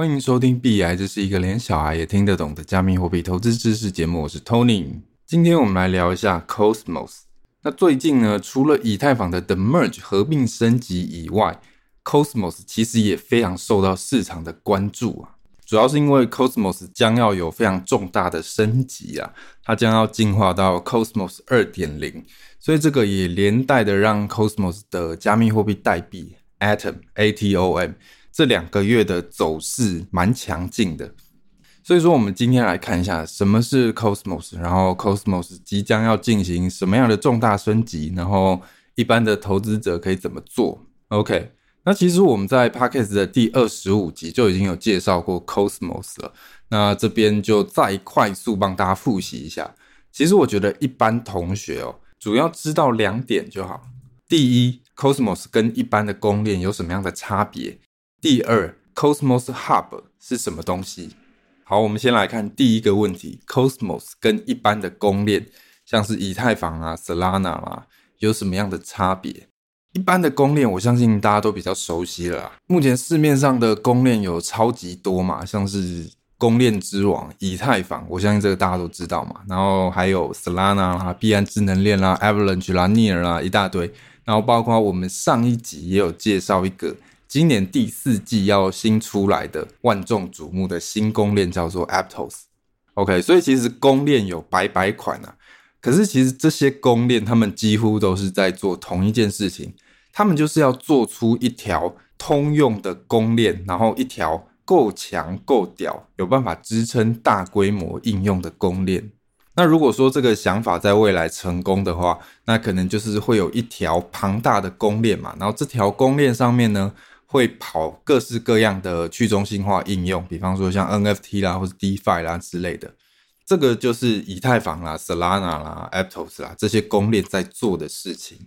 歡迎收聽幣愛，這是一個連小孩也聽得懂的加密貨幣投資知識節目。我是 Tony，今天我們來聊一下 Cosmos。那最近呢，除了以太坊的 The Merge 合併升級以外，Cosmos 其實也非常受到市場的關注啊。主要是因為 Cosmos 將要有非常重大的升級啊，它將要進化到 Cosmos 2.0，所以這個也連帶的讓 Cosmos 的加密貨幣代幣 Atom ATOM。At om, 這兩個月的走勢蠻強勁的，所以說我們今天來看一下什麼是 Cosmos，然後 Cosmos 即將要進行什麼樣的重大升級，然後一般的投資者可以怎麼做？OK，那其實我們在 Podcast 的第二十五集就已經有介紹過 Cosmos 了，那這邊就再快速幫大家複習一下。其實我覺得一般同學哦，主要知道兩點就好。第一，Cosmos 跟一般的公鏈有什麼樣的差別？第二，Cosmos Hub 是什麼東西？好，我們先來看第一個問題：Cosmos 跟一般的公鏈，像是以太坊啊、Solana 啦，有什麼樣的差別？一般的公鏈，我相信大家都比較熟悉了啊，目前市面上的公鏈有超級多嘛，像是公鏈之王以太坊，我相信這個大家都知道嘛。然後還有 Solana 啦、幣安智能鏈啦、Avalanche 啦、Near 啦，一大堆。然後包括我們上一集也有介紹一個。今年第四季要新出來的萬眾矚目的新公鏈叫做 Aptos，OK、okay，所以其實公鏈有百百款啊,可是其實這些公鏈他們幾乎都是在做同一件事情，他們就是要做出一條通用的公鏈，然後一條夠強夠屌，有辦法支撐大規模應用的公鏈。那如果說這個想法在未來成功的話，那可能就是會有一條龐大的公鏈嘛，然後這條公鏈上面呢，會跑各式各樣的去中心化應用，比方說像 NFT 啦或者 DeFi 啦之類的，這個就是以太坊啦、Solana 啦、Aptos 啦這些公鏈在做的事情。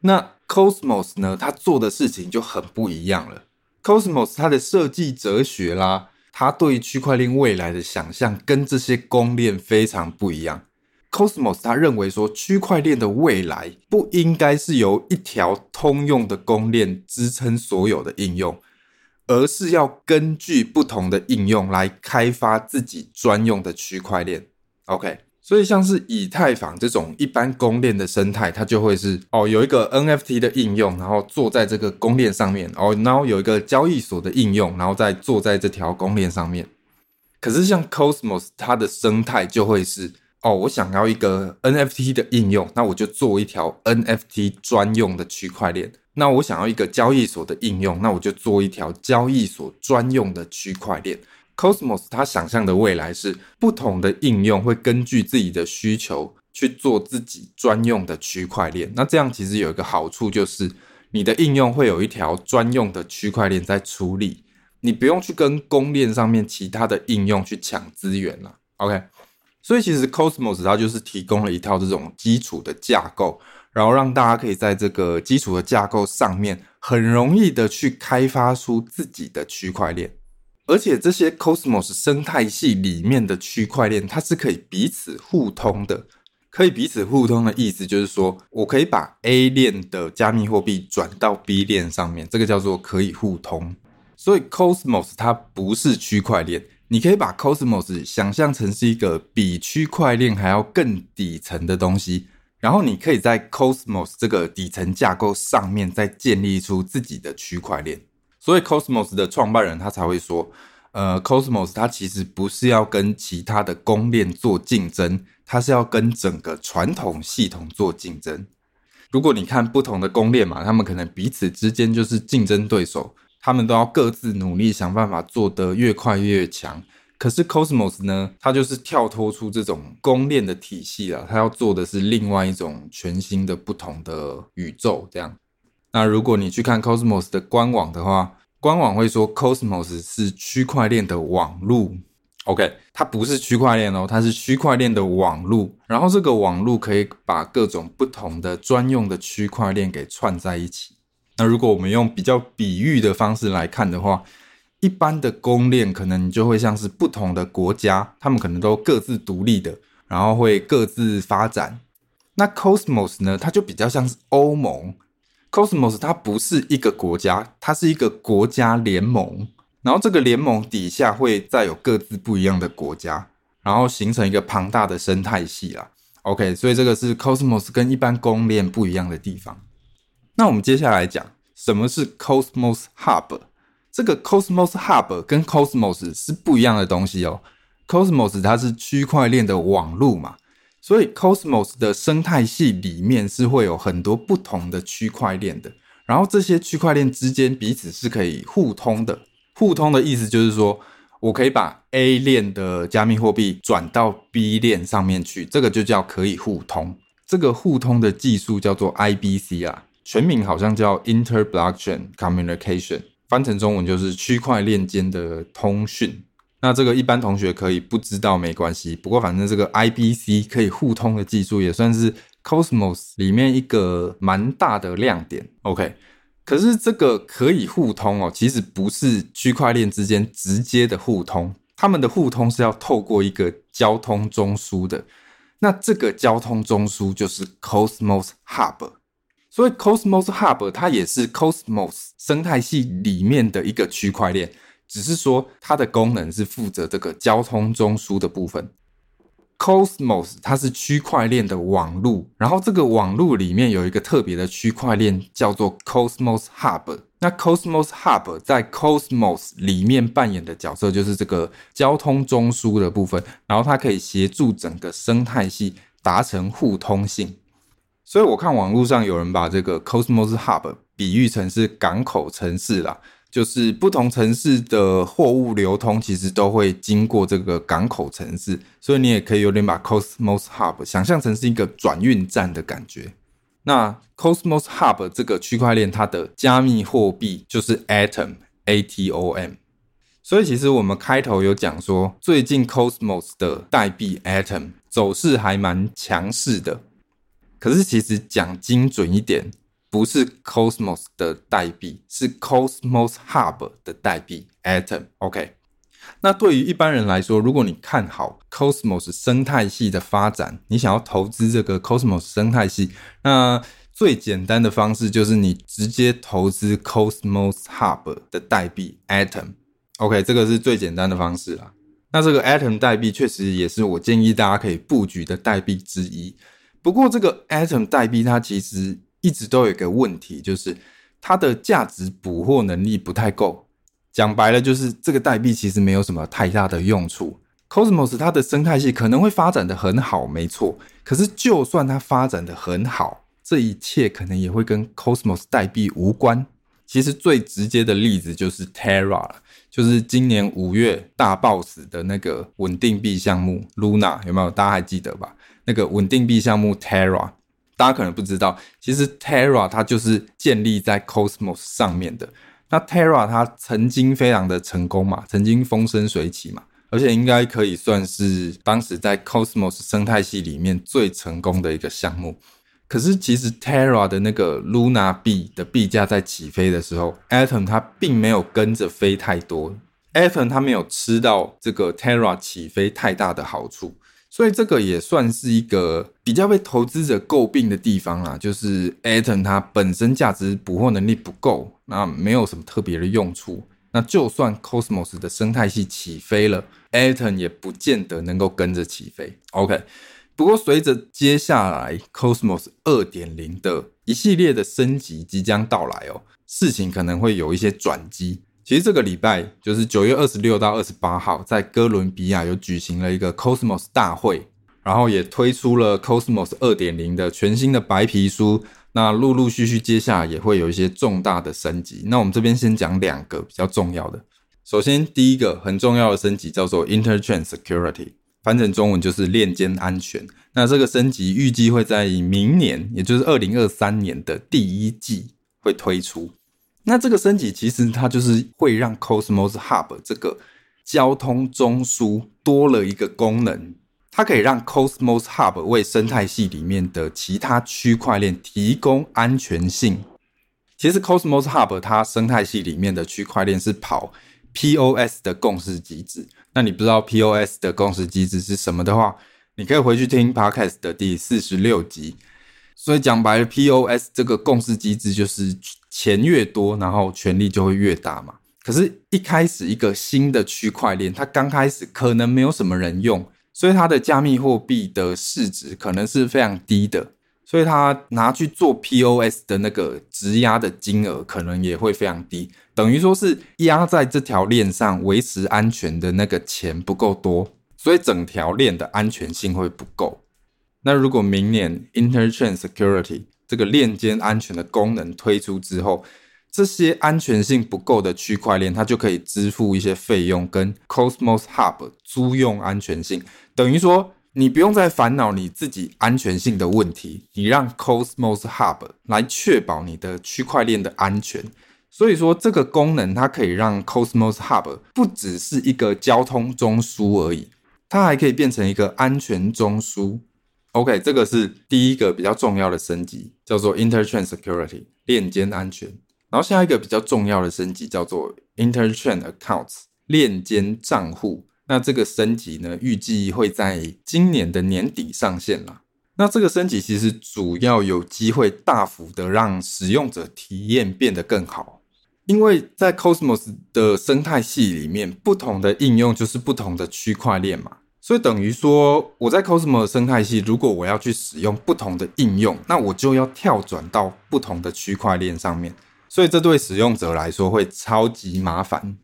那 Cosmos 呢，它做的事情就很不一樣了。Cosmos 它的設計哲學啦，它對於區塊鏈未來的想象跟這些公鏈非常不一樣。Cosmos，它認為說，區塊鏈的未來不應該是由一條通用的公鏈支撐所有的應用，而是要根據不同的應用來開發自己專用的區塊鏈。OK，所以像是以太坊這種一般公鏈的生態，它就會是哦，有一個 NFT 的應用，然後坐在這個公鏈上面，哦，然後有一個交易所的應用，然後再坐在這條公鏈上面。可是像 Cosmos，它的生態就會是。哦，我想要一個 NFT 的應用，那我就做一條 NFT 專用的區塊鏈。那我想要一個交易所的應用，那我就做一條交易所專用的區塊鏈。Cosmos 它想象的未來是不同的應用會根據自己的需求去做自己專用的區塊鏈。那這樣其實有一個好處就是，你的應用會有一條專用的區塊鏈在處理，你不用去跟公鏈上面其他的應用去搶資源了。OK。所以其實 Cosmos 它就是提供了一套這種基礎的架構，然後讓大家可以在這個基礎的架構上面很容易的去開發出自己的區塊鏈，而且這些 Cosmos 生態系裡面的區塊鏈，它是可以彼此互通的。可以彼此互通的意思就是說，我可以把 A 鏈的加密貨幣轉到 B 鏈上面，這個叫做可以互通。所以 Cosmos 它不是區塊鏈。你可以把 Cosmos 想象成是一個比區塊鏈還要更底層的東西，然後你可以在 Cosmos 這個底層架構上面再建立出自己的區塊鏈。所以 Cosmos 的創辦人他才會說，呃，Cosmos 它其實不是要跟其他的公鏈做競爭，它是要跟整個傳統系統做競爭。如果你看不同的公鏈嘛，他們可能彼此之間就是競爭對手。他們都要各自努力，想辦法做得越快越強。可是 Cosmos 呢，它就是跳脫出這種公鏈的體系了，它要做的是另外一種全新的、不同的宇宙這樣。那如果你去看 Cosmos 的官網的話，官網會說 Cosmos 是區塊鏈的網路。OK，它不是區塊鏈哦，它是區塊鏈的網路。然後這個網路可以把各種不同的專用的區塊鏈給串在一起。那如果我們用比較比喻的方式來看的話，一般的公鏈可能你就會像是不同的國家，他們可能都各自獨立的，然後會各自發展。那 Cosmos 呢，它就比較像是歐盟。Cosmos 它不是一個國家，它是一個國家聯盟，然後這個聯盟底下會再有各自不一樣的國家，然後形成一個龐大的生態系啦。OK，所以這個是 Cosmos 跟一般公鏈不一樣的地方。那我們接下來講什麼是 Cosmos Hub。這個 Cosmos Hub 跟 Cosmos 是不一樣的東西哦。Cosmos 它是區塊鏈的網路嘛，所以 Cosmos 的生態系裡面是會有很多不同的區塊鏈的。然後這些區塊鏈之間彼此是可以互通的。互通的意思就是說，我可以把 A 鏈的加密貨幣轉到 B 鏈上面去，這個就叫可以互通。這個互通的技術叫做 IBC 啊。全名好像叫 Inter Blockchain Communication，翻成中文就是區塊鏈間的通訊。那這個一般同學可以不知道沒關係，不過反正這個 IBC 可以互通的技術也算是 Cosmos 裡面一個蠻大的亮點。OK，可是這個可以互通哦，其實不是區塊鏈之間直接的互通，他們的互通是要透過一個交通中樞的。那這個交通中樞就是 Cosmos Hub。所以 Cosmos Hub 它也是 Cosmos 生態系裡面的一個區塊鏈，只是說它的功能是負責這個交通中樞的部分。Cosmos 它是區塊鏈的網路，然後這個網路裡面有一個特別的區塊鏈叫做 Cosmos Hub。那 Cosmos Hub 在 Cosmos 裡面扮演的角色就是這個交通中樞的部分，然後它可以協助整個生態系達成互通性。所以，我看網絡上有人把這個 Cosmos Hub 比喻成是港口城市啦，就是不同城市的貨物流通，其實都會經過這個港口城市。所以，你也可以有點把 Cosmos Hub 想象成是一個轉運站的感覺。那 Cosmos Hub 這個區塊鏈，它的加密貨幣就是 Atom，A-T-O-M。所以，其實我們開頭有講說，最近 Cosmos 的代幣 Atom 走勢還蠻強勢的。可是，其實講精準一點，不是 Cosmos 的代幣，是 Cosmos Hub 的代幣 Atom。OK，那對於一般人來說，如果你看好 Cosmos 生態系的發展，你想要投資這個 Cosmos 生態系，那最簡單的方式就是你直接投資 Cosmos Hub 的代幣 Atom。OK，這個是最簡單的方式啦。那這個 Atom 代幣確實也是我建議大家可以佈局的代幣之一。不過，這個 Atom 代幣它其實一直都有一個問題，就是它的價值捕獲能力不太夠。講白了，就是這個代幣其實沒有什麼太大的用處。Cosmos 它的生態系可能會發展得很好，沒錯。可是，就算它發展得很好，這一切可能也會跟 Cosmos 代幣無關。其實最直接的例子就是 Terra，就是今年五月大爆死的那個穩定幣項目 Luna，有沒有？大家還記得吧？那個穩定幣項目 Terra，大家可能不知道，其實 Terra 它就是建立在 Cosmos 上面的。那 Terra 它曾經非常的成功嘛，曾經風生水起嘛，而且應該可以算是當時在 Cosmos 生態系裡面最成功的一個項目。可是其實 Terra 的那個 Luna 幣的幣價在起飛的時候，Atom 它並沒有跟着飛太多，Atom 它沒有吃到這個 Terra 起飛太大的好處。所以這個也算是一個比較被投資者詬病的地方啦，就是 ATOM 它本身價值捕獲能力不夠，那沒有什麼特別的用處。那就算 Cosmos 的生態系起飛了，ATOM 也不見得能夠跟着起飛。OK，不過隨着接下來 Cosmos 2.0的一系列的升級即將到來哦，事情可能會有一些轉機。其實這個禮拜就是九月二十六到二十八號，在哥倫比亞有舉行了一個 Cosmos 大會，然後也推出了 Cosmos 二點零的全新的白皮書。那陸陸續續接下來也會有一些重大的升級。那我們這邊先講兩個比較重要的。首先，第一個很重要的升級叫做 Interchain Security，翻成中文就是鏈間安全。那這個升級預計會在明年，也就是二零二三年的第一季會推出。那這個升級其實它就是會讓 Cosmos Hub 這個交通中樞多了一個功能，它可以讓 Cosmos Hub 為生態系裡面的其他區塊鏈提供安全性。其實 Cosmos Hub 它生態系裡面的區塊鏈是跑 POS 的共識機制。那你不知道 POS 的共識機制是什麼的話，你可以回去聽 Podcast 的第四十六集。所以講白了，POS 這個共識機制就是錢越多，然後權力就會越大嘛。可是，一開始一個新的區塊鏈，它剛開始可能沒有什麼人用，所以它的加密貨幣的市值可能是非常低的，所以它拿去做 POS 的那個質押的金額可能也會非常低，等於說是壓在這條鏈上維持安全的那個錢不夠多，所以整條鏈的安全性會不夠。那如果明年 Interchain Security 這個鏈間安全的功能推出之後，這些安全性不夠的區塊鏈，它就可以支付一些費用，跟 Cosmos Hub 租用安全性。等於說，你不用再煩惱你自己安全性的問題，你讓 Cosmos Hub 來確保你的區塊鏈的安全。所以說，這個功能它可以讓 Cosmos Hub 不只是一個交通中樞而已，它還可以變成一個安全中樞。OK，這個是第一個比較重要的升級，叫做 Interchain Security，鏈間安全。然後下一個比較重要的升級叫做 Interchain Accounts，鏈間賬戶。那這個升級呢，預計會在今年的年底上線啦。那這個升級其實主要有機會大幅的讓使用者體驗變得更好，因為在 Cosmos 的生態系裡面，不同的應用就是不同的區塊鏈嘛。所以等於說，我在 Cosmos 生態系，如果我要去使用不同的應用，那我就要跳轉到不同的區塊鏈上面。所以這對使用者來說會超級麻煩。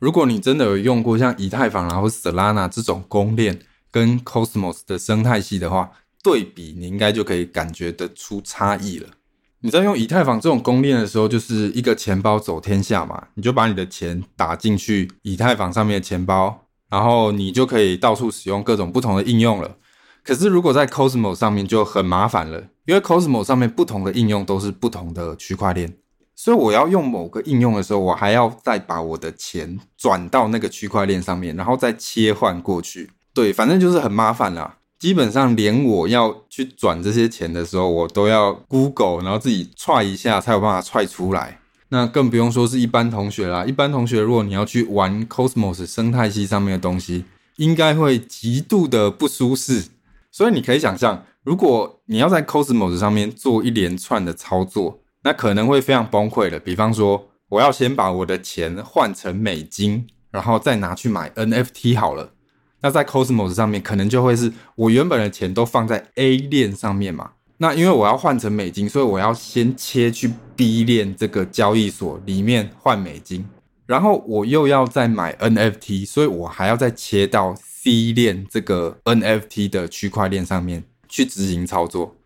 如果你真的有用過像以太坊然後 Solana 這種公鏈跟 Cosmos 的生態系的話，對比你應該就可以感覺得出差異了。你在用以太坊這種公鏈的時候，就是一個錢包走天下嘛，你就把你的錢打進去以太坊上面的錢包。然後你就可以到處使用各種不同的應用了。可是如果在 Cosmos 上面就很麻煩了，因為 Cosmos 上面不同的應用都是不同的區塊鏈，所以我要用某個應用的時候，我還要再把我的錢轉到那個區塊鏈上面，然後再切換過去。對，反正就是很麻煩啦。基本上連我要去轉這些錢的時候，我都要 Google，然後自己 try 一下才有辦法 try 出來。那更不用說是一般同學啦。一般同學，如果你要去玩 Cosmos 生態系上面的東西，應該會極度的不舒適。所以你可以想象，如果你要在 Cosmos 上面做一連串的操作，那可能會非常崩潰的。比方說，我要先把我的錢換成美金，然後再拿去買 NFT 好了。那在 Cosmos 上面，可能就會是我原本的錢都放在 A 鏈上面嘛。那因為我要換成美金，所以我要先切去 B 鏈這個交易所裡面換美金，然後我又要再買 NFT，所以我還要再切到 C 鏈這個 NFT 的區塊鏈上面去執行操作，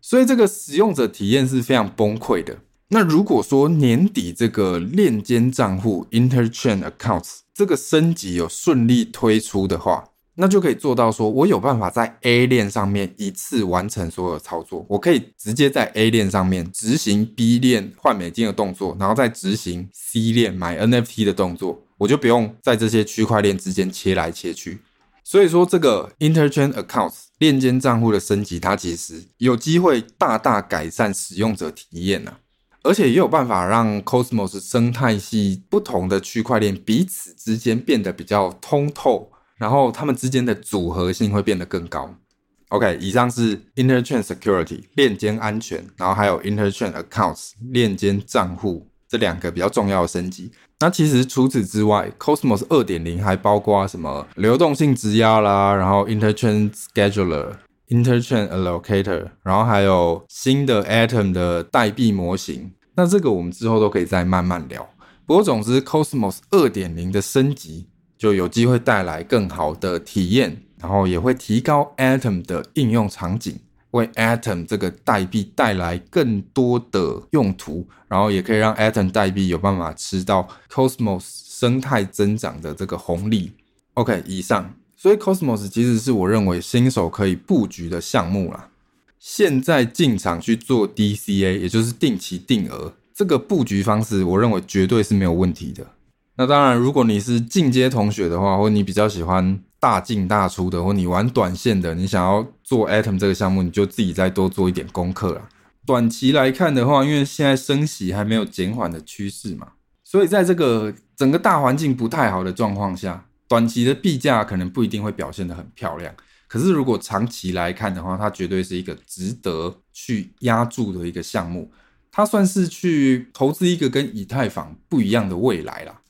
所以這個使用者體驗是非常崩潰的。那如果說年底這個鏈間賬戶 Interchain Accounts 這個升級有順利推出的話，那就可以做到說，說我有辦法在 A 鏈上面一次完成所有操作，我可以直接在 A 鏈上面執行 B 鏈換美金的動作，然後再執行 C 鏈買 NFT 的動作，我就不用在這些區塊鏈之間切來切去。所以說，這個 Interchain Accounts 鏈間賬戶的升級，它其實有機會大大改善使用者體驗呢、啊，而且也有辦法讓 Cosmos 生態系不同的區塊鏈彼此之間變得比較通透。然後它們之間的組合性會變得更高。OK，以上是 Interchain Security，鏈間安全，然後還有 Interchain Accounts，鏈間賬戶，這兩個比較重要的升級。那其實除此之外，Cosmos 二點零還包括什麼流動性質押啦，然後 Interchain Scheduler、Interchain Allocator，然後還有新的 ATOM 的代幣模型。那這個我們之後都可以再慢慢聊。不過總之，Cosmos 二點零的升級。就有機會帶來更好的體驗，然後也會提高 ATOM 的應用場景，為 ATOM 這個代幣帶來更多的用途，然後也可以讓 ATOM 代幣有辦法吃到 Cosmos 生態增長的這個紅利。OK，以上，所以 Cosmos 其實是我認為新手可以布局的項目啦。現在進場去做 DCA，也就是定期定額這個布局方式，我認為絕對是沒有問題的。那當然，如果你是進階同學的話，或你比較喜歡大進大出的，或你玩短線的，你想要做 ATOM 這個項目，你就自己再多做一點功課啦。短期來看的話，因為現在升息還沒有減緩的趨勢嘛，所以在這個整個大環境不太好的狀況下，短期的幣價可能不一定會表現得很漂亮。可是如果長期來看的話，它絕對是一個值得去押注的一個項目，它算是去投資一個跟以太坊不一樣的未來啦。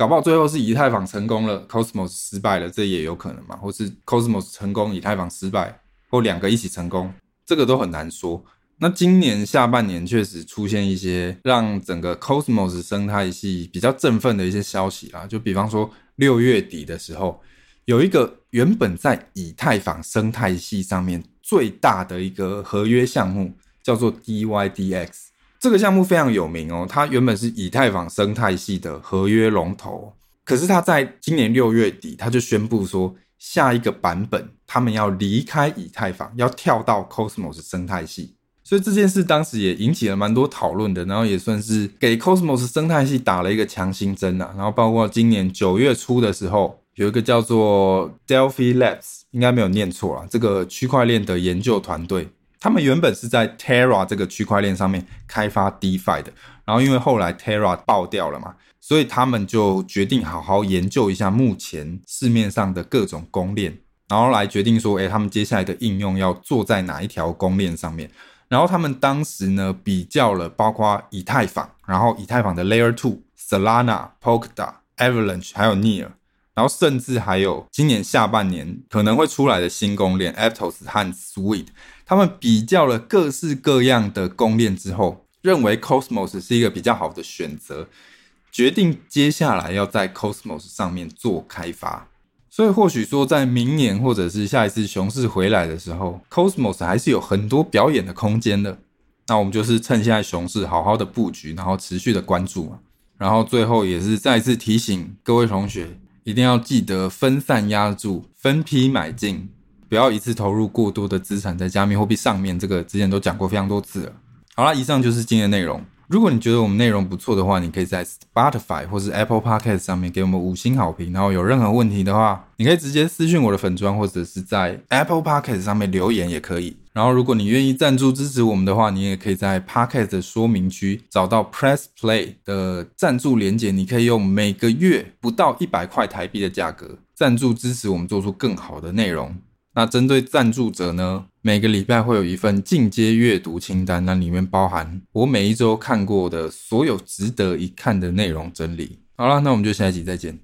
搞不好最後是以太坊成功了，Cosmos 失敗了，這也有可能嘛？或是 Cosmos 成功，以太坊失敗，或兩個一起成功，這個都很難說。那今年下半年確實出現一些讓整個 Cosmos 生態系比較振奮的一些消息啦，就比方說六月底的時候，有一個原本在以太坊生態系上面最大的一個合約項目叫做 DYDX。這個項目非常有名哦，它原本是以太坊生態系的合約龍頭，可是它在今年六月底，它就宣布說，下一個版本他們要離開以太坊，要跳到 Cosmos 生態系。所以這件事當時也引起了蠻多討論的，然後也算是給 Cosmos 生態系打了一個強心針吶啊。然後包括今年九月初的時候，有一個叫做 Delphi Labs，應該沒有念錯啊，這個區塊鏈的研究團隊。他們原本是在 Terra 這個區塊鏈上面開發 DeFi 的，然後因為後來 Terra 爆掉了嘛，所以他們就決定好好研究一下目前市面上的各種公鏈，然後來決定說，哎，他們接下來的應用要做在哪一條公鏈上面。然後他們當時呢比較了包括以太坊，然後以太坊的 Layer 2、Solana、Polkadot、Avalanche，還有 Near。然後甚至還有今年下半年可能會出來的新公鏈 Aptos 和 Sweet，他們比較了各式各樣的公鏈之後，認為 Cosmos 是一個比較好的選擇，決定接下來要在 Cosmos 上面做開發。所以或許說，在明年或者是下一次熊市回來的時候，Cosmos 還是有很多表演的空間的。那我們就是趁現在熊市好好的布局，然後持續的關注嘛。然後最後也是再一次提醒各位同學。一定要記得分散押注，分批買進，不要一次投入過多的資產在加密貨幣上面。這個之前都講過非常多次了。好啦，以上就是今天的內容。如果你覺得我們內容不錯的話，你可以在 Spotify 或是 Apple Podcast 上面給我們五星好評。然後有任何問題的話，你可以直接私訊我的粉專，或者是在 Apple Podcast 上面留言也可以。然後，如果你願意贊助支持我們的話，你也可以在 Podcast 的說明區找到 Press Play 的贊助連結，你可以用每個月不到一百塊台幣的價格贊助支持我們，做出更好的內容。那針對贊助者呢，每個禮拜會有一份進階閱讀清單，那裡面包含我每一周看過的所有值得一看的內容整理。好了，那我們就下一集再見。